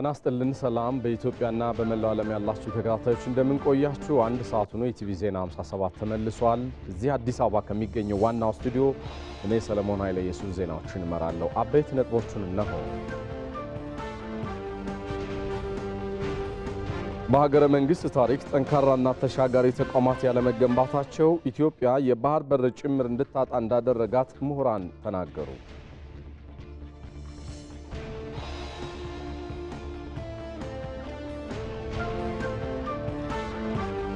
ጤና ይስጥልን ሰላም በኢትዮጵያና በመላው ዓለም ያላችሁ ተከታታዮች እንደምንቆያችሁ አንድ ሰዓት ሆኖ የቲቪ ዜና 57 ተመልሷል እዚህ አዲስ አበባ ከሚገኘው ዋናው ስቱዲዮ እኔ ሰለሞን ኃይለ ኢየሱስ ዜናዎችን እመራለሁ አበይት ነጥቦቹን እነሆ በሀገረ መንግስት ታሪክ ጠንካራና ተሻጋሪ ተቋማት ያለመገንባታቸው ኢትዮጵያ የባህር በር ጭምር እንድታጣ እንዳደረጋት ምሁራን ተናገሩ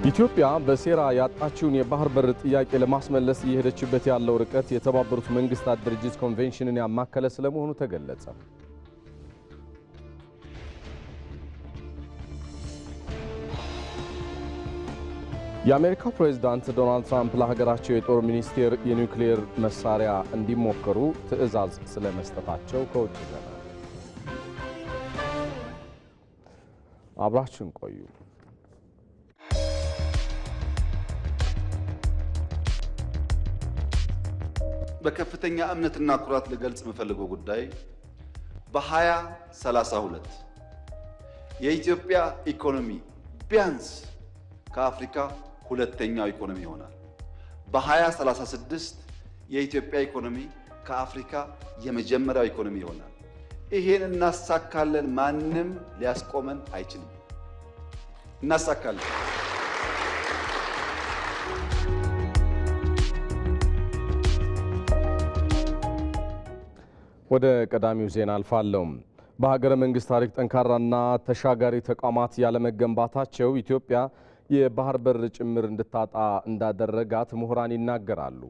ኢትዮጵያ በሴራ ያጣችውን የባህር በር ጥያቄ ለማስመለስ እየሄደችበት ያለው ርቀት የተባበሩት መንግስታት ድርጅት ኮንቬንሽንን ያማከለ ስለመሆኑ ተገለጸ። የአሜሪካው ፕሬዝዳንት ዶናልድ ትራምፕ ለሀገራቸው የጦር ሚኒስቴር የኒውክሌር መሳሪያ እንዲሞክሩ ትዕዛዝ ስለመስጠታቸው ከውጭ ዘና አብራችን ቆዩ። በከፍተኛ እምነትና ኩራት ልገልጽ የምፈልገው ጉዳይ በ2032 የኢትዮጵያ ኢኮኖሚ ቢያንስ ከአፍሪካ ሁለተኛው ኢኮኖሚ ይሆናል። በ2036 የኢትዮጵያ ኢኮኖሚ ከአፍሪካ የመጀመሪያው ኢኮኖሚ ይሆናል። ይሄን እናሳካለን። ማንም ሊያስቆመን አይችልም። እናሳካለን። ወደ ቀዳሚው ዜና አልፋለሁ። በሀገረ መንግስት ታሪክ ጠንካራና ተሻጋሪ ተቋማት ያለመገንባታቸው ኢትዮጵያ የባህር በር ጭምር እንድታጣ እንዳደረጋት ምሁራን ይናገራሉ።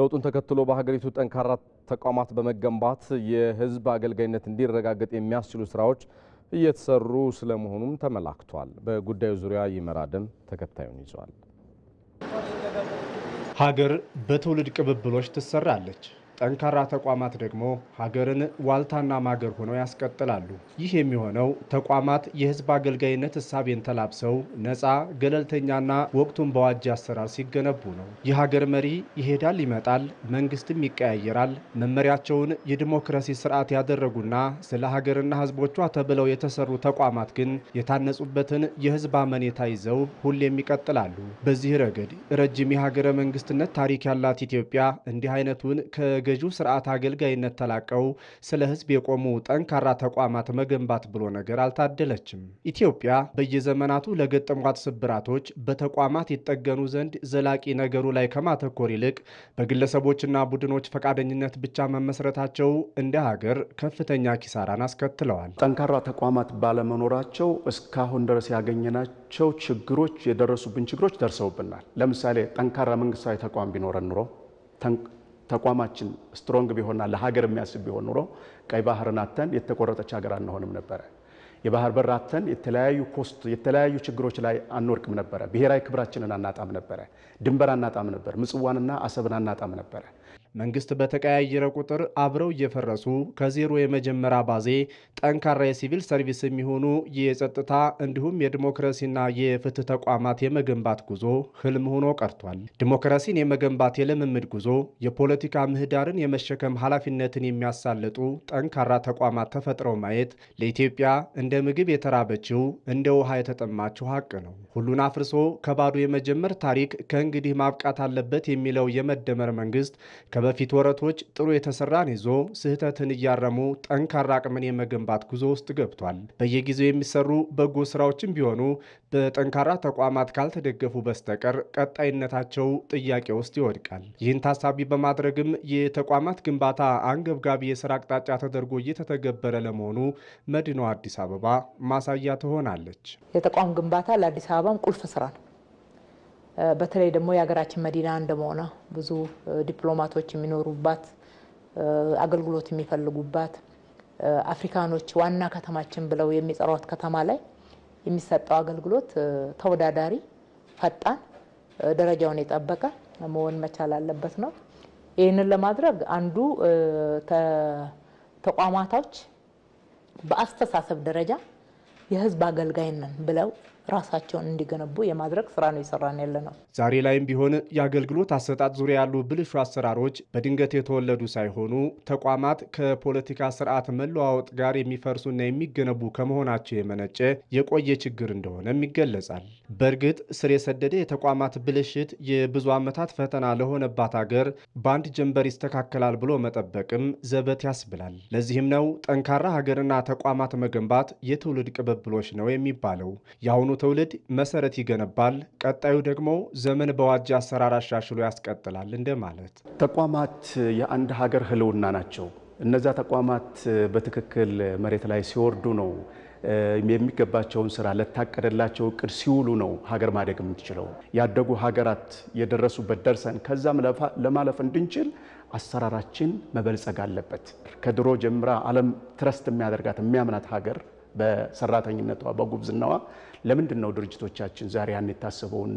ለውጡን ተከትሎ በሀገሪቱ ጠንካራ ተቋማት በመገንባት የህዝብ አገልጋይነት እንዲረጋገጥ የሚያስችሉ ስራዎች እየተሰሩ ስለመሆኑም ተመላክቷል። በጉዳዩ ዙሪያ ይመራደም ተከታዩን ይዟል። ሀገር በትውልድ ቅብብሎች ትሰራለች። ጠንካራ ተቋማት ደግሞ ሀገርን ዋልታና ማገር ሆነው ያስቀጥላሉ። ይህ የሚሆነው ተቋማት የህዝብ አገልጋይነት እሳቤን ተላብሰው ነፃ፣ ገለልተኛና ወቅቱን በዋጅ አሰራር ሲገነቡ ነው። የሀገር መሪ ይሄዳል፣ ይመጣል፣ መንግስትም ይቀያየራል። መመሪያቸውን የዲሞክራሲ ስርዓት ያደረጉና ስለ ሀገርና ህዝቦቿ ተብለው የተሰሩ ተቋማት ግን የታነጹበትን የህዝብ አመኔታ ይዘው ሁሌም ይቀጥላሉ። በዚህ ረገድ ረጅም የሀገረ መንግስትነት ታሪክ ያላት ኢትዮጵያ እንዲህ አይነቱን ከገ ከገዢው ስርዓት አገልጋይነት ተላቀው ስለ ህዝብ የቆሙ ጠንካራ ተቋማት መገንባት ብሎ ነገር አልታደለችም። ኢትዮጵያ በየዘመናቱ ለገጠሟት ስብራቶች በተቋማት ይጠገኑ ዘንድ ዘላቂ ነገሩ ላይ ከማተኮር ይልቅ በግለሰቦችና ቡድኖች ፈቃደኝነት ብቻ መመስረታቸው እንደ ሀገር ከፍተኛ ኪሳራን አስከትለዋል። ጠንካራ ተቋማት ባለመኖራቸው እስካሁን ድረስ ያገኘናቸው ችግሮች የደረሱብን ችግሮች ደርሰውብናል። ለምሳሌ ጠንካራ መንግስታዊ ተቋም ቢኖረን ኑሮ ተቋማችን ስትሮንግ ቢሆንና ለሀገር የሚያስብ ቢሆን ኑሮ ቀይ ባህርን አተን የተቆረጠች ሀገር አንሆንም ነበረ። የባህር በር አተን የተለያዩ ኮስት የተለያዩ ችግሮች ላይ አንወድቅም ነበረ። ብሔራዊ ክብራችንን አናጣም ነበረ። ድንበር አናጣም ነበር። ምጽዋንና አሰብን አናጣም ነበረ። መንግስት በተቀያየረ ቁጥር አብረው እየፈረሱ ከዜሮ የመጀመር አባዜ ጠንካራ የሲቪል ሰርቪስ የሚሆኑ የጸጥታ እንዲሁም የዲሞክራሲና የፍትህ ተቋማት የመገንባት ጉዞ ህልም ሆኖ ቀርቷል። ዲሞክራሲን የመገንባት የልምምድ ጉዞ የፖለቲካ ምህዳርን የመሸከም ኃላፊነትን የሚያሳልጡ ጠንካራ ተቋማት ተፈጥረው ማየት ለኢትዮጵያ እንደ ምግብ የተራበችው እንደ ውሃ የተጠማችው ሀቅ ነው። ሁሉን አፍርሶ ከባዶ የመጀመር ታሪክ ከእንግዲህ ማብቃት አለበት የሚለው የመደመር መንግስት ከበፊት ወረቶች ጥሩ የተሰራን ይዞ ስህተትን እያረሙ ጠንካራ አቅምን የመገንባት ጉዞ ውስጥ ገብቷል። በየጊዜው የሚሰሩ በጎ ስራዎችም ቢሆኑ በጠንካራ ተቋማት ካልተደገፉ በስተቀር ቀጣይነታቸው ጥያቄ ውስጥ ይወድቃል። ይህን ታሳቢ በማድረግም የተቋማት ግንባታ አንገብጋቢ የስራ አቅጣጫ ተደርጎ እየተተገበረ ለመሆኑ መዲናዋ አዲስ አበባ ማሳያ ትሆናለች። የተቋም ግንባታ ለአዲስ አበባም ቁልፍ ስራ ነው። በተለይ ደግሞ የሀገራችን መዲና እንደመሆነ ብዙ ዲፕሎማቶች የሚኖሩባት አገልግሎት የሚፈልጉባት አፍሪካኖች ዋና ከተማችን ብለው የሚጠሯት ከተማ ላይ የሚሰጠው አገልግሎት ተወዳዳሪ፣ ፈጣን፣ ደረጃውን የጠበቀ መሆን መቻል አለበት ነው። ይህንን ለማድረግ አንዱ ተቋማቶች በአስተሳሰብ ደረጃ የህዝብ አገልጋይ ነን ብለው ራሳቸውን እንዲገነቡ የማድረግ ስራ ነው የሰራን ያለ ነው። ዛሬ ላይም ቢሆን የአገልግሎት አሰጣጥ ዙሪያ ያሉ ብልሹ አሰራሮች በድንገት የተወለዱ ሳይሆኑ ተቋማት ከፖለቲካ ስርዓት መለዋወጥ ጋር የሚፈርሱና የሚገነቡ ከመሆናቸው የመነጨ የቆየ ችግር እንደሆነም ይገለጻል። በእርግጥ ስር የሰደደ የተቋማት ብልሽት የብዙ ዓመታት ፈተና ለሆነባት አገር በአንድ ጀንበር ይስተካከላል ብሎ መጠበቅም ዘበት ያስብላል። ለዚህም ነው ጠንካራ ሀገርና ተቋማት መገንባት የትውልድ ቅብብሎች ነው የሚባለው። የአሁኑ ትውልድ መሰረት ይገነባል፣ ቀጣዩ ደግሞ ዘመን በዋጃ አሰራር አሻሽሎ ያስቀጥላል እንደማለት። ተቋማት የአንድ ሀገር ህልውና ናቸው። እነዛ ተቋማት በትክክል መሬት ላይ ሲወርዱ ነው የሚገባቸውን ስራ ለታቀደላቸው እቅድ ሲውሉ ነው ሀገር ማደግ የምትችለው። ያደጉ ሀገራት የደረሱበት ደርሰን ከዛም ለማለፍ እንድንችል አሰራራችን መበልጸግ አለበት። ከድሮ ጀምራ ዓለም ትረስት የሚያደርጋት የሚያምናት ሀገር በሰራተኝነቷ በጉብዝናዋ ለምንድን ነው ድርጅቶቻችን ዛሬ ያን የታሰበውን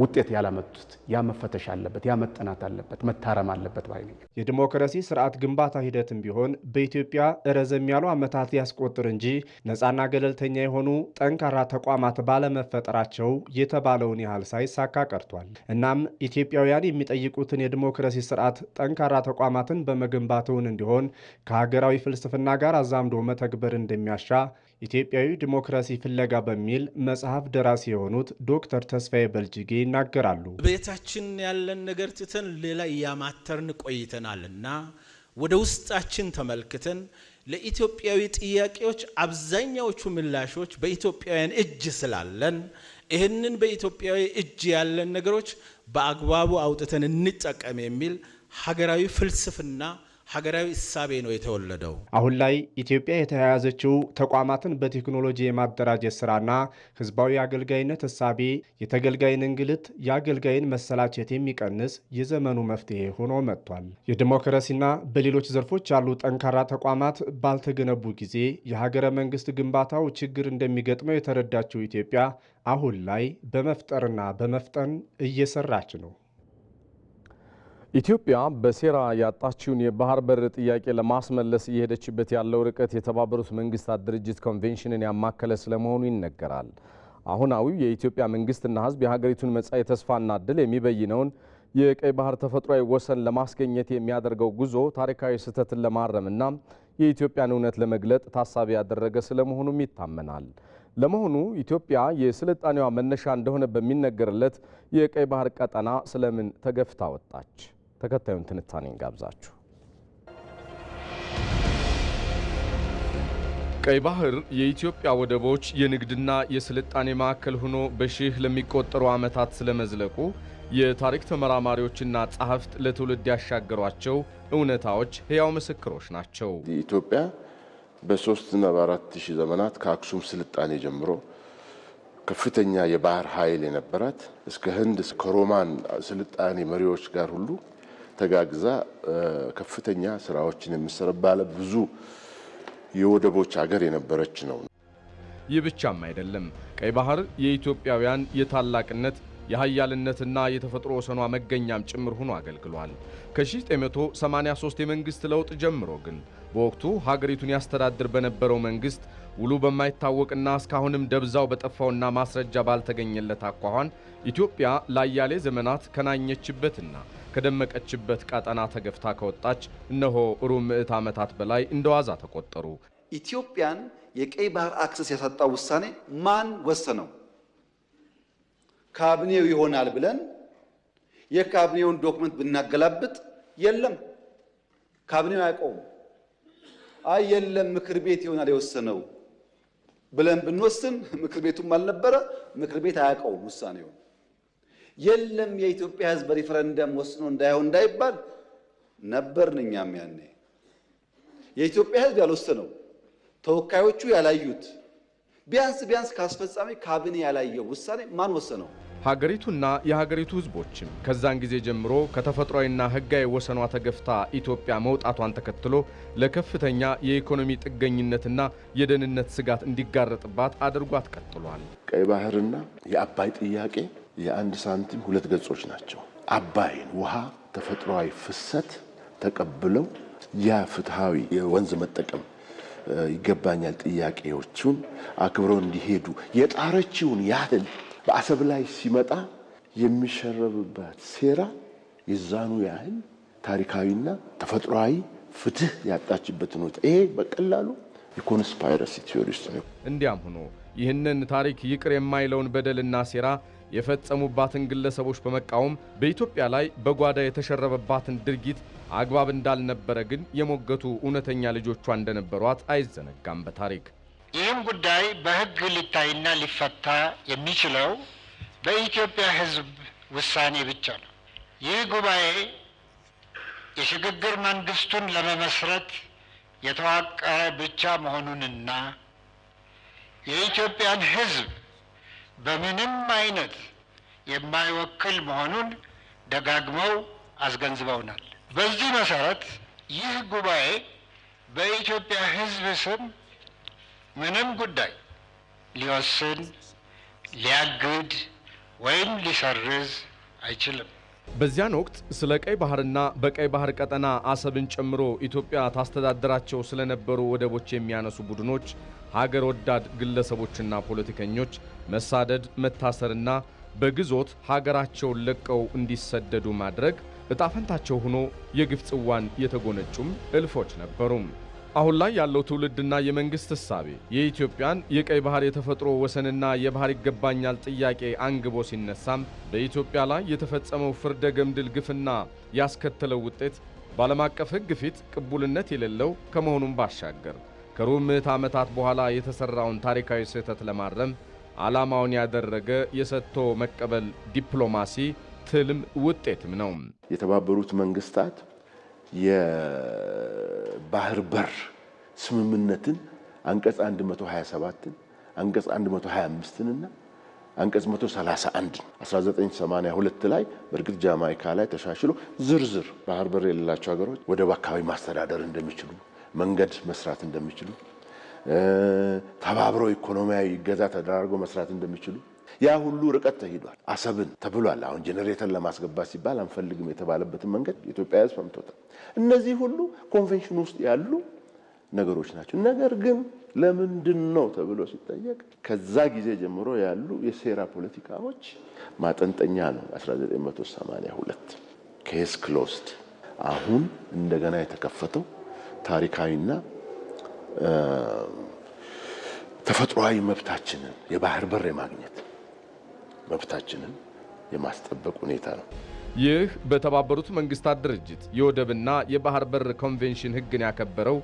ውጤት ያላመጡት? ያ መፈተሽ አለበት፣ ያ መጠናት አለበት፣ መታረም አለበት ባይ ነኝ። የዲሞክራሲ ስርዓት ግንባታ ሂደትም ቢሆን በኢትዮጵያ ረዘም ያሉ ዓመታት ያስቆጥር እንጂ ነፃና ገለልተኛ የሆኑ ጠንካራ ተቋማት ባለመፈጠራቸው የተባለውን ያህል ሳይሳካ ቀርቷል። እናም ኢትዮጵያውያን የሚጠይቁትን የዲሞክራሲ ስርዓት ጠንካራ ተቋማትን በመገንባትውን እንዲሆን ከሀገራዊ ፍልስፍና ጋር አዛምዶ መተግበር እንደሚያሻ ኢትዮጵያዊ ዲሞክራሲ ፍለጋ በሚል መጽሐፍ ደራሲ የሆኑት ዶክተር ተስፋዬ በልጅጌ ይናገራሉ። ቤታችን ያለን ነገር ትተን ሌላ እያማተርን ቆይተናልና ወደ ውስጣችን ተመልክተን ለኢትዮጵያዊ ጥያቄዎች አብዛኛዎቹ ምላሾች በኢትዮጵያውያን እጅ ስላለን ይህንን በኢትዮጵያዊ እጅ ያለን ነገሮች በአግባቡ አውጥተን እንጠቀም የሚል ሀገራዊ ፍልስፍና ሀገራዊ እሳቤ ነው የተወለደው። አሁን ላይ ኢትዮጵያ የተያያዘችው ተቋማትን በቴክኖሎጂ የማደራጀት ስራና ህዝባዊ አገልጋይነት እሳቤ የተገልጋይን እንግልት፣ የአገልጋይን መሰላቸት የሚቀንስ የዘመኑ መፍትሄ ሆኖ መጥቷል። የዲሞክራሲና በሌሎች ዘርፎች ያሉ ጠንካራ ተቋማት ባልተገነቡ ጊዜ የሀገረ መንግስት ግንባታው ችግር እንደሚገጥመው የተረዳችው ኢትዮጵያ አሁን ላይ በመፍጠርና በመፍጠን እየሰራች ነው። ኢትዮጵያ በሴራ ያጣችውን የባህር በር ጥያቄ ለማስመለስ እየሄደችበት ያለው ርቀት የተባበሩት መንግስታት ድርጅት ኮንቬንሽንን ያማከለ ስለመሆኑ ይነገራል። አሁናዊው የኢትዮጵያ መንግስትና ሕዝብ የሀገሪቱን መጻኢ ተስፋና እድል የሚበይነውን የቀይ ባህር ተፈጥሯዊ ወሰን ለማስገኘት የሚያደርገው ጉዞ ታሪካዊ ስህተትን ለማረምና የኢትዮጵያን እውነት ለመግለጥ ታሳቢ ያደረገ ስለመሆኑም ይታመናል። ለመሆኑ ኢትዮጵያ የስልጣኔዋ መነሻ እንደሆነ በሚነገርለት የቀይ ባህር ቀጠና ስለምን ተገፍታ ወጣች? ተከታዩን ትንታኔን ጋብዛችሁ ቀይ ባህር የኢትዮጵያ ወደቦች የንግድና የስልጣኔ ማዕከል ሆኖ በሺህ ለሚቆጠሩ ዓመታት ስለመዝለቁ የታሪክ ተመራማሪዎችና ጸሐፍት ለትውልድ ያሻገሯቸው እውነታዎች ሕያው ምስክሮች ናቸው። ኢትዮጵያ በሶስትና በአራት ሺህ ዘመናት ከአክሱም ስልጣኔ ጀምሮ ከፍተኛ የባህር ኃይል የነበራት እስከ ህንድ እስከ ሮማን ስልጣኔ መሪዎች ጋር ሁሉ ተጋግዛ ከፍተኛ ስራዎችን የምሰራ ባለ ብዙ የወደቦች ሀገር የነበረች ነው። ይህ ብቻም አይደለም። ቀይ ባህር የኢትዮጵያውያን የታላቅነት የሀያልነትና የተፈጥሮ ወሰኗ መገኛም ጭምር ሆኖ አገልግሏል። ከ1983 የመንግስት ለውጥ ጀምሮ ግን በወቅቱ ሀገሪቱን ያስተዳድር በነበረው መንግስት ውሉ በማይታወቅና እስካሁንም ደብዛው በጠፋውና ማስረጃ ባልተገኘለት አኳኋን ኢትዮጵያ ለአያሌ ዘመናት ከናኘችበትና ከደመቀችበት ቀጠና ተገፍታ ከወጣች እነሆ ሩብ ምዕት ዓመታት በላይ እንደዋዛ ተቆጠሩ። ኢትዮጵያን የቀይ ባህር አክሰስ ያሳጣው ውሳኔ ማን ወሰነው? ካቢኔው ይሆናል ብለን የካቢኔውን ዶክመንት ብናገላብጥ የለም፣ ካቢኔው አያውቀውም። አይ የለም ምክር ቤት ይሆናል የወሰነው ብለን ብንወስን ምክር ቤቱም አልነበረ፣ ምክር ቤት አያውቀውም ውሳኔውን። የለም የኢትዮጵያ ሕዝብ በሪፈረንደም ወስኖ እንዳይሆን እንዳይባል ነበርን። እኛም ያኔ የኢትዮጵያ ሕዝብ ያልወሰነው ተወካዮቹ ያላዩት ቢያንስ ቢያንስ ከአስፈጻሚ ካቢኔ ያላየው ውሳኔ ማን ወሰነው? ሀገሪቱና የሀገሪቱ ህዝቦችም ከዛን ጊዜ ጀምሮ ከተፈጥሯዊና ህጋዊ ወሰኗ ተገፍታ ኢትዮጵያ መውጣቷን ተከትሎ ለከፍተኛ የኢኮኖሚ ጥገኝነትና የደህንነት ስጋት እንዲጋረጥባት አድርጓት ቀጥሏል። ቀይ ባህርና የአባይ ጥያቄ የአንድ ሳንቲም ሁለት ገጾች ናቸው። አባይን ውሃ ተፈጥሯዊ ፍሰት ተቀብለው ያ ፍትሐዊ የወንዝ መጠቀም ይገባኛል ጥያቄዎቹን አክብረው እንዲሄዱ የጣረችውን ያህል በአሰብ ላይ ሲመጣ የሚሸረብባት ሴራ የዛኑ ያህል ታሪካዊና ተፈጥሯዊ ፍትህ ያጣችበት ሁኔታ ይሄ በቀላሉ የኮንስፓይረሲ ቲዮሪ ነው። እንዲያም ሆኖ ይህንን ታሪክ ይቅር የማይለውን በደልና ሴራ የፈጸሙባትን ግለሰቦች በመቃወም በኢትዮጵያ ላይ በጓዳ የተሸረበባትን ድርጊት አግባብ እንዳልነበረ ግን የሞገቱ እውነተኛ ልጆቿ እንደነበሯት አይዘነጋም በታሪክ። ይህም ጉዳይ በሕግ ሊታይና ሊፈታ የሚችለው በኢትዮጵያ ሕዝብ ውሳኔ ብቻ ነው። ይህ ጉባኤ የሽግግር መንግስቱን ለመመስረት የተዋቀረ ብቻ መሆኑንና የኢትዮጵያን ሕዝብ በምንም አይነት የማይወክል መሆኑን ደጋግመው አስገንዝበውናል። በዚህ መሰረት ይህ ጉባኤ በኢትዮጵያ ሕዝብ ስም ምንም ጉዳይ ሊወስን፣ ሊያግድ ወይም ሊሰርዝ አይችልም። በዚያን ወቅት ስለ ቀይ ባህርና በቀይ ባህር ቀጠና አሰብን ጨምሮ ኢትዮጵያ ታስተዳደራቸው ስለነበሩ ወደቦች የሚያነሱ ቡድኖች፣ ሀገር ወዳድ ግለሰቦችና ፖለቲከኞች መሳደድ፣ መታሰርና በግዞት ሀገራቸውን ለቀው እንዲሰደዱ ማድረግ እጣፈንታቸው ሆኖ የግፍ ጽዋን የተጎነጩም እልፎች ነበሩ። አሁን ላይ ያለው ትውልድና የመንግስት ሕሳቤ የኢትዮጵያን የቀይ ባህር የተፈጥሮ ወሰንና የባህር ይገባኛል ጥያቄ አንግቦ ሲነሳም በኢትዮጵያ ላይ የተፈጸመው ፍርደ ገምድል ግፍና ያስከተለው ውጤት በዓለም አቀፍ ሕግ ፊት ቅቡልነት የሌለው ከመሆኑም ባሻገር ከሩብ ምዕት ዓመታት በኋላ የተሠራውን ታሪካዊ ስህተት ለማረም ዓላማውን ያደረገ የሰጥቶ መቀበል ዲፕሎማሲ ትልም ውጤትም ነው። የተባበሩት መንግስታት የባህር በር ስምምነትን አንቀጽ 127ን አንቀጽ 125ን እና አንቀጽ 131 1982 ላይ በእርግጥ ጃማይካ ላይ ተሻሽሎ ዝርዝር ባህር በር የሌላቸው ሀገሮች ወደብ አካባቢ ማስተዳደር እንደሚችሉ መንገድ መስራት እንደሚችሉ ተባብሮ ኢኮኖሚያዊ ይገዛ ተደራርጎ መስራት እንደሚችሉ ያ ሁሉ ርቀት ተሂዷል። አሰብን ተብሏል። አሁን ጀኔሬተር ለማስገባት ሲባል አንፈልግም የተባለበትን መንገድ የኢትዮጵያ ሕዝብ ሰምቶታል። እነዚህ ሁሉ ኮንቬንሽን ውስጥ ያሉ ነገሮች ናቸው። ነገር ግን ለምንድን ነው ተብሎ ሲጠየቅ ከዛ ጊዜ ጀምሮ ያሉ የሴራ ፖለቲካዎች ማጠንጠኛ ነው። 1982 ኬስ ክሎስድ። አሁን እንደገና የተከፈተው ታሪካዊና ተፈጥሯዊ መብታችንን የባህር በር የማግኘት መብታችንን የማስጠበቅ ሁኔታ ነው። ይህ በተባበሩት መንግስታት ድርጅት የወደብና የባህር በር ኮንቬንሽን ህግን ያከበረው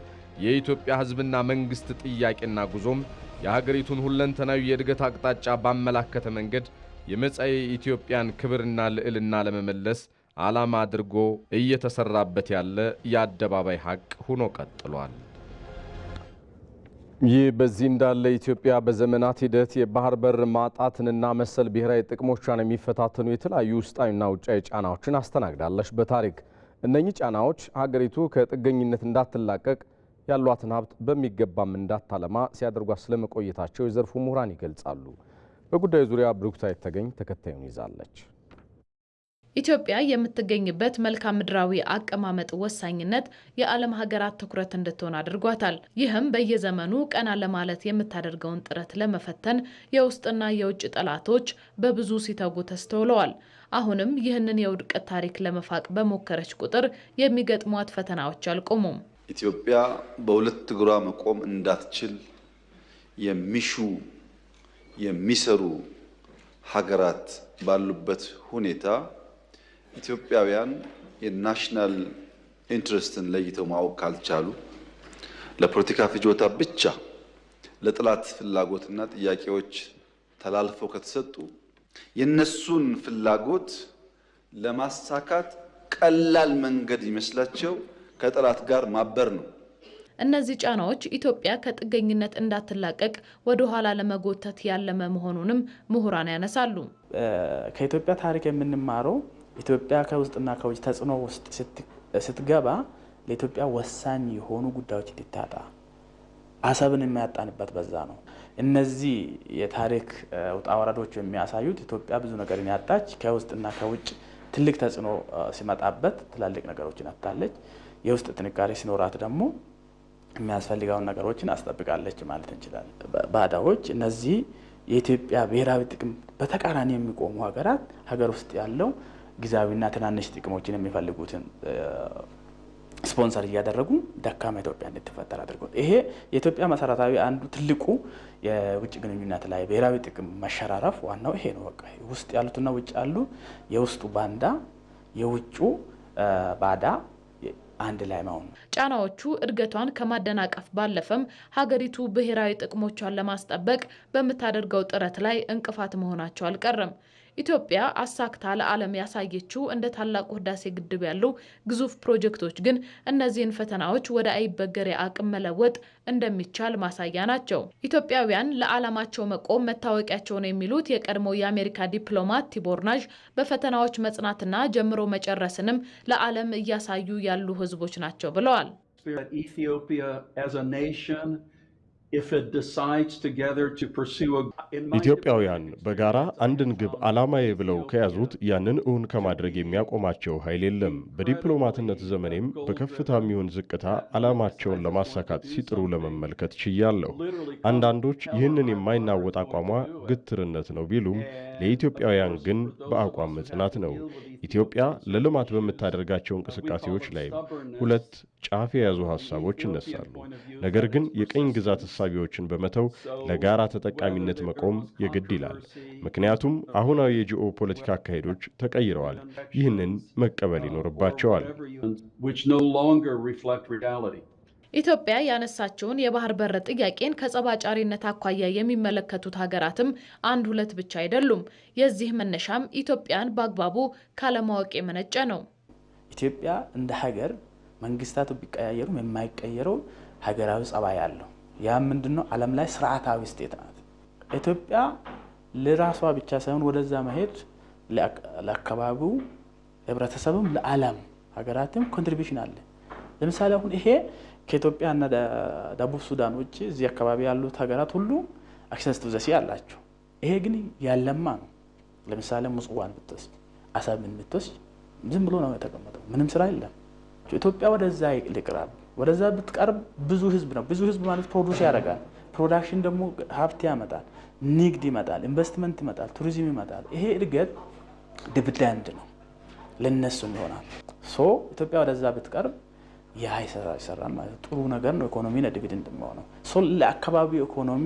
የኢትዮጵያ ህዝብና መንግስት ጥያቄና ጉዞም የሀገሪቱን ሁለንተናዊ የእድገት አቅጣጫ ባመላከተ መንገድ የመጻኢ ኢትዮጵያን ክብርና ልዕልና ለመመለስ ዓላማ አድርጎ እየተሰራበት ያለ የአደባባይ ሀቅ ሆኖ ቀጥሏል። ይህ በዚህ እንዳለ ኢትዮጵያ በዘመናት ሂደት የባህር በር ማጣትንና መሰል ብሔራዊ ጥቅሞቿን የሚፈታተኑ የተለያዩ ውስጣዊና ውጫዊ ጫናዎችን አስተናግዳለች። በታሪክ እነኚህ ጫናዎች ሀገሪቱ ከጥገኝነት እንዳትላቀቅ ያሏትን ሀብት በሚገባም እንዳታለማ ሲያደርጓት ስለመቆየታቸው የዘርፉ ምሁራን ይገልጻሉ። በጉዳዩ ዙሪያ ብሩክታ የተገኝ ተከታዩን ይዛለች። ኢትዮጵያ የምትገኝበት መልክዓ ምድራዊ አቀማመጥ ወሳኝነት የዓለም ሀገራት ትኩረት እንድትሆን አድርጓታል። ይህም በየዘመኑ ቀና ለማለት የምታደርገውን ጥረት ለመፈተን የውስጥና የውጭ ጠላቶች በብዙ ሲተጉ ተስተውለዋል። አሁንም ይህንን የውድቀት ታሪክ ለመፋቅ በሞከረች ቁጥር የሚገጥሟት ፈተናዎች አልቆሙም። ኢትዮጵያ በሁለት እግሯ መቆም እንዳትችል የሚሹ የሚሰሩ ሀገራት ባሉበት ሁኔታ ኢትዮጵያውያን የናሽናል ኢንትረስትን ለይተው ማወቅ ካልቻሉ ለፖለቲካ ፍጆታ ብቻ ለጥላት ፍላጎትና ጥያቄዎች ተላልፈው ከተሰጡ የነሱን ፍላጎት ለማሳካት ቀላል መንገድ ይመስላቸው ከጠላት ጋር ማበር ነው። እነዚህ ጫናዎች ኢትዮጵያ ከጥገኝነት እንዳትላቀቅ ወደ ኋላ ለመጎተት ያለመ መሆኑንም ምሁራን ያነሳሉ። ከኢትዮጵያ ታሪክ የምንማረው ኢትዮጵያ ከውስጥና ከውጭ ተጽዕኖ ውስጥ ስትገባ ለኢትዮጵያ ወሳኝ የሆኑ ጉዳዮች እንዲታጣ አሰብን የሚያጣንበት በዛ ነው። እነዚህ የታሪክ ውጣ ወረዶች የሚያሳዩት ኢትዮጵያ ብዙ ነገርን ያጣች ከውስጥና ከውጭ ትልቅ ተጽዕኖ ሲመጣበት ትላልቅ ነገሮችን አጥታለች። የውስጥ ጥንካሬ ሲኖራት ደግሞ የሚያስፈልገውን ነገሮችን አስጠብቃለች ማለት እንችላለን። ባዳዎች እነዚህ የኢትዮጵያ ብሔራዊ ጥቅም በተቃራኒ የሚቆሙ ሀገራት ሀገር ውስጥ ያለው ጊዜያዊና ትናንሽ ጥቅሞችን የሚፈልጉትን ስፖንሰር እያደረጉ ደካማ ኢትዮጵያ እንድትፈጠር አድርጓል። ይሄ የኢትዮጵያ መሰረታዊ አንዱ ትልቁ የውጭ ግንኙነት ላይ ብሔራዊ ጥቅም መሸራረፍ ዋናው ይሄ ነው። በቃ ውስጥ ያሉትና ውጭ ያሉ የውስጡ ባንዳ የውጩ ባዳ አንድ ላይ መሆኑ ጫናዎቹ እድገቷን ከማደናቀፍ ባለፈም ሀገሪቱ ብሔራዊ ጥቅሞቿን ለማስጠበቅ በምታደርገው ጥረት ላይ እንቅፋት መሆናቸው አልቀረም። ኢትዮጵያ አሳክታ ለዓለም ያሳየችው እንደ ታላቁ ህዳሴ ግድብ ያሉ ግዙፍ ፕሮጀክቶች ግን እነዚህን ፈተናዎች ወደ አይበገሬ አቅም መለወጥ እንደሚቻል ማሳያ ናቸው። ኢትዮጵያውያን ለዓላማቸው መቆም መታወቂያቸው ነው የሚሉት የቀድሞ የአሜሪካ ዲፕሎማት ቲቦርናዥ በፈተናዎች መጽናትና ጀምሮ መጨረስንም ለዓለም እያሳዩ ያሉ ህዝቦች ናቸው ብለዋል። ኢትዮጵያውያን በጋራ አንድን ግብ ዓላማዬ ብለው ከያዙት ያንን እውን ከማድረግ የሚያቆማቸው ኃይል የለም። በዲፕሎማትነት ዘመኔም በከፍታ የሚሆን ዝቅታ ዓላማቸውን ለማሳካት ሲጥሩ ለመመልከት ችያለሁ። አንዳንዶች ይህንን የማይናወጥ አቋሟ ግትርነት ነው ቢሉም ለኢትዮጵያውያን ግን በአቋም መጽናት ነው። ኢትዮጵያ ለልማት በምታደርጋቸው እንቅስቃሴዎች ላይ ሁለት ጫፍ የያዙ ሀሳቦች ይነሳሉ። ነገር ግን የቅኝ ግዛት እሳቢዎችን በመተው ለጋራ ተጠቃሚነት መቆም የግድ ይላል። ምክንያቱም አሁናዊ የጂኦ ፖለቲካ አካሄዶች ተቀይረዋል። ይህንን መቀበል ይኖርባቸዋል። ኢትዮጵያ ያነሳችውን የባህር በር ጥያቄን ከጸባጫሪነት አኳያ የሚመለከቱት ሀገራትም አንድ ሁለት ብቻ አይደሉም። የዚህ መነሻም ኢትዮጵያን በአግባቡ ካለማወቅ የመነጨ ነው። ኢትዮጵያ እንደ ሀገር መንግስታቱ ቢቀያየሩም የማይቀየረው ሀገራዊ ጸባይ አለው። ያ ምንድን ነው? ዓለም ላይ ስርዓታዊ ስቴት ናት። ኢትዮጵያ ለራሷ ብቻ ሳይሆን ወደዛ መሄድ ለአካባቢው ህብረተሰብም ለዓለም ሀገራትም ኮንትሪቢሽን አለ። ለምሳሌ አሁን ይሄ ከኢትዮጵያና ደቡብ ሱዳን ውጭ እዚህ አካባቢ ያሉት ሀገራት ሁሉ አክሰስ ቱ ዘ አላቸው። ይሄ ግን ያለማ ነው። ለምሳሌ ምጽዋን ብትወስድ፣ ምን ብትወስድ ዝም ብሎ ነው የተቀመጠው፣ ምንም ስራ የለም። ኢትዮጵያ ወደዛ ልቅራብ ወደዛ ብትቀርብ ብዙ ህዝብ ነው። ብዙ ህዝብ ማለት ፕሮዱስ ያደርጋል። ፕሮዳክሽን ደግሞ ሀብት ያመጣል፣ ንግድ ይመጣል፣ ኢንቨስትመንት ይመጣል፣ ቱሪዝም ይመጣል። ይሄ እድገት ዲቪደንድ ነው፣ ለነሱም ይሆናል። ሶ ኢትዮጵያ ወደዛ ብትቀርብ ያ ይሰራል ማለት ነው። ጥሩ ነገር ነው። ኢኮኖሚ ዲቪደንድ የሚሆነው ሰው ለአካባቢው ኢኮኖሚ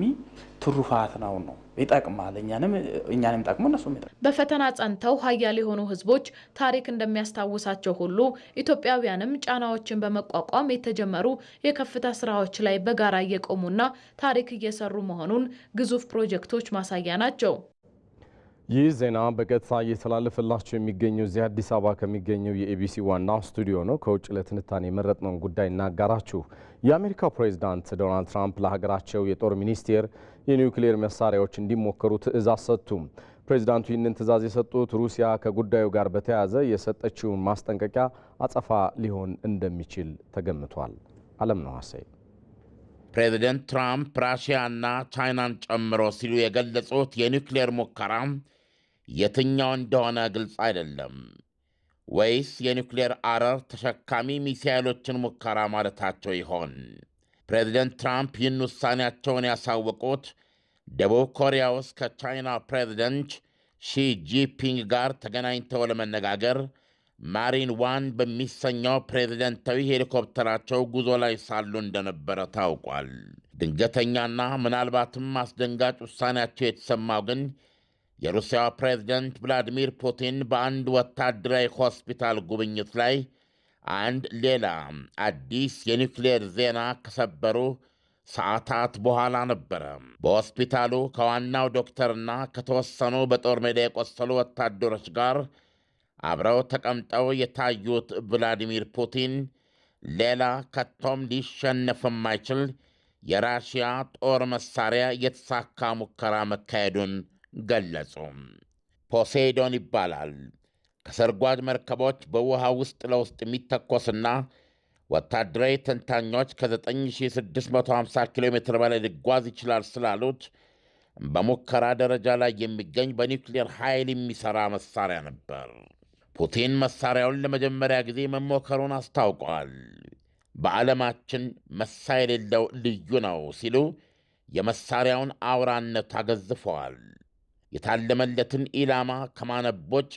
ትሩፋት ነው ነው ይጠቅማል። እኛንም ጠቅሞ እነሱ በፈተና ጸንተው ሀያል የሆኑ ህዝቦች ታሪክ እንደሚያስታውሳቸው ሁሉ ኢትዮጵያውያንም ጫናዎችን በመቋቋም የተጀመሩ የከፍታ ስራዎች ላይ በጋራ እየቆሙና ታሪክ እየሰሩ መሆኑን ግዙፍ ፕሮጀክቶች ማሳያ ናቸው። ይህ ዜና በቀጥታ እየተላለፈላቸው የሚገኘው እዚህ አዲስ አበባ ከሚገኘው የኤቢሲ ዋና ስቱዲዮ ነው። ከውጭ ለትንታኔ የመረጥነውን ጉዳይ እናጋራችሁ። የአሜሪካው ፕሬዚዳንት ዶናልድ ትራምፕ ለሀገራቸው የጦር ሚኒስቴር የኒውክሌር መሳሪያዎች እንዲሞከሩ ትዕዛዝ ሰጡ። ፕሬዚዳንቱ ይህንን ትዕዛዝ የሰጡት ሩሲያ ከጉዳዩ ጋር በተያያዘ የሰጠችውን ማስጠንቀቂያ አጸፋ ሊሆን እንደሚችል ተገምቷል። አለም ነው አሰይ ፕሬዚደንት ትራምፕ ራሽያና ቻይናን ጨምሮ ሲሉ የገለጹት የኒውክሌር ሙከራ የትኛው እንደሆነ ግልጽ አይደለም። ወይስ የኒውክሌር አረር ተሸካሚ ሚሳይሎችን ሙከራ ማለታቸው ይሆን? ፕሬዚደንት ትራምፕ ይህን ውሳኔያቸውን ያሳወቁት ደቡብ ኮሪያ ውስጥ ከቻይና ፕሬዚደንት ሺጂፒንግ ጋር ተገናኝተው ለመነጋገር ማሪን ዋን በሚሰኘው ፕሬዚደንታዊ ሄሊኮፕተራቸው ጉዞ ላይ ሳሉ እንደነበረ ታውቋል። ድንገተኛና ምናልባትም አስደንጋጭ ውሳኔያቸው የተሰማው ግን የሩሲያ ፕሬዝደንት ቭላዲሚር ፑቲን በአንድ ወታደራዊ ሆስፒታል ጉብኝት ላይ አንድ ሌላ አዲስ የኒውክሌር ዜና ከሰበሩ ሰዓታት በኋላ ነበረ። በሆስፒታሉ ከዋናው ዶክተርና ከተወሰኑ በጦር ሜዳ የቆሰሉ ወታደሮች ጋር አብረው ተቀምጠው የታዩት ቭላዲሚር ፑቲን ሌላ ከቶም ሊሸነፍ የማይችል የራሽያ ጦር መሳሪያ የተሳካ ሙከራ መካሄዱን ገለጹ። ፖሴይዶን ይባላል። ከሰርጓጅ መርከቦች በውሃ ውስጥ ለውስጥ የሚተኮስና ወታደራዊ ተንታኞች ከ9650 ኪሎ ሜትር በላይ ሊጓዝ ይችላል ስላሉት በሙከራ ደረጃ ላይ የሚገኝ በኒውክሌር ኃይል የሚሠራ መሣሪያ ነበር። ፑቲን መሣሪያውን ለመጀመሪያ ጊዜ መሞከሩን አስታውቋል። በዓለማችን መሳይ የሌለው ልዩ ነው ሲሉ የመሣሪያውን አውራነት አገዝፈዋል። የታለመለትን ኢላማ ከማነቦጭ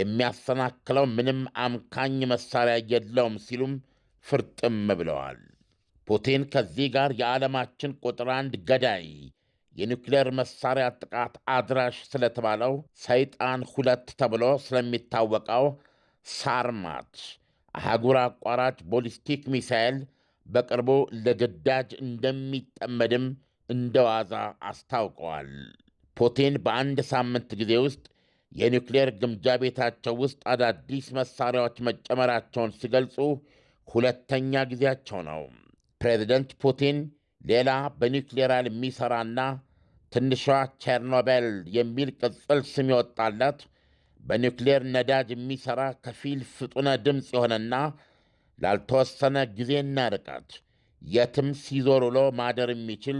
የሚያሰናክለው ምንም አምካኝ መሳሪያ የለውም ሲሉም ፍርጥም ብለዋል። ፑቲን ከዚህ ጋር የዓለማችን ቁጥር አንድ ገዳይ የኒውክሌር መሳሪያ ጥቃት አድራሽ ስለተባለው ሰይጣን ሁለት ተብሎ ስለሚታወቀው ሳርማት አህጉር አቋራጭ ቦሊስቲክ ሚሳኤል በቅርቡ ለግዳጅ እንደሚጠመድም እንደዋዛ አስታውቀዋል። ፑቲን በአንድ ሳምንት ጊዜ ውስጥ የኒውክሌር ግምጃ ቤታቸው ውስጥ አዳዲስ መሳሪያዎች መጨመራቸውን ሲገልጹ ሁለተኛ ጊዜያቸው ነው። ፕሬዚደንት ፑቲን ሌላ በኒውክሌራል የሚሠራና ትንሿ ቸርኖቤል የሚል ቅጽል ስም የወጣላት በኒውክሌር ነዳጅ የሚሠራ ከፊል ፍጡነ ድምፅ የሆነና ላልተወሰነ ጊዜና ርቀት የትም ሲዞር ውሎ ማደር የሚችል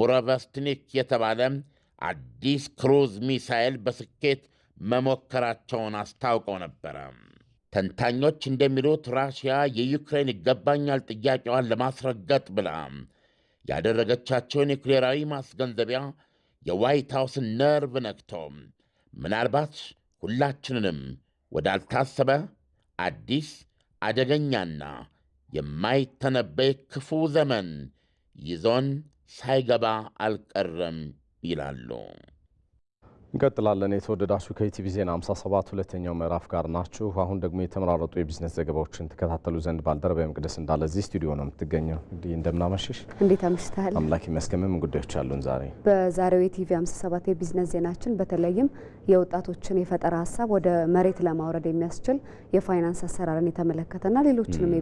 ቡረቨስትኒክ የተባለ አዲስ ክሩዝ ሚሳኤል በስኬት መሞከራቸውን አስታውቀው ነበረ። ተንታኞች እንደሚሉት ራሽያ የዩክሬን ይገባኛል ጥያቄዋን ለማስረገጥ ብላ ያደረገቻቸውን ኒውክሌራዊ ማስገንዘቢያ የዋይት ሃውስን ነርቭ ነክቶ ምናልባት ሁላችንንም ወዳልታሰበ አዲስ አደገኛና የማይተነበይ ክፉ ዘመን ይዞን ሳይገባ አልቀረም ይላሉ። እንቀጥላለን። የተወደዳችሁ ከኢቲቪ ዜና 57 ሁለተኛው ምዕራፍ ጋር ናችሁ። አሁን ደግሞ የተመራረጡ የቢዝነስ ዘገባዎችን ትከታተሉ ዘንድ ባልደረባ መቅደስ እንዳለ እዚህ ስቱዲዮ ነው የምትገኘው። እንዲህ እንደምናመሽሽ። እንዴት አምሽተሃል? አምላክ ይመስገን። ምን ጉዳዮች አሉን ዛሬ? በዛሬው የቲቪ 57 የቢዝነስ ዜናችን በተለይም የወጣቶችን የፈጠራ ሀሳብ ወደ መሬት ለማውረድ የሚያስችል የፋይናንስ አሰራርን የተመለከተና ሌሎችንም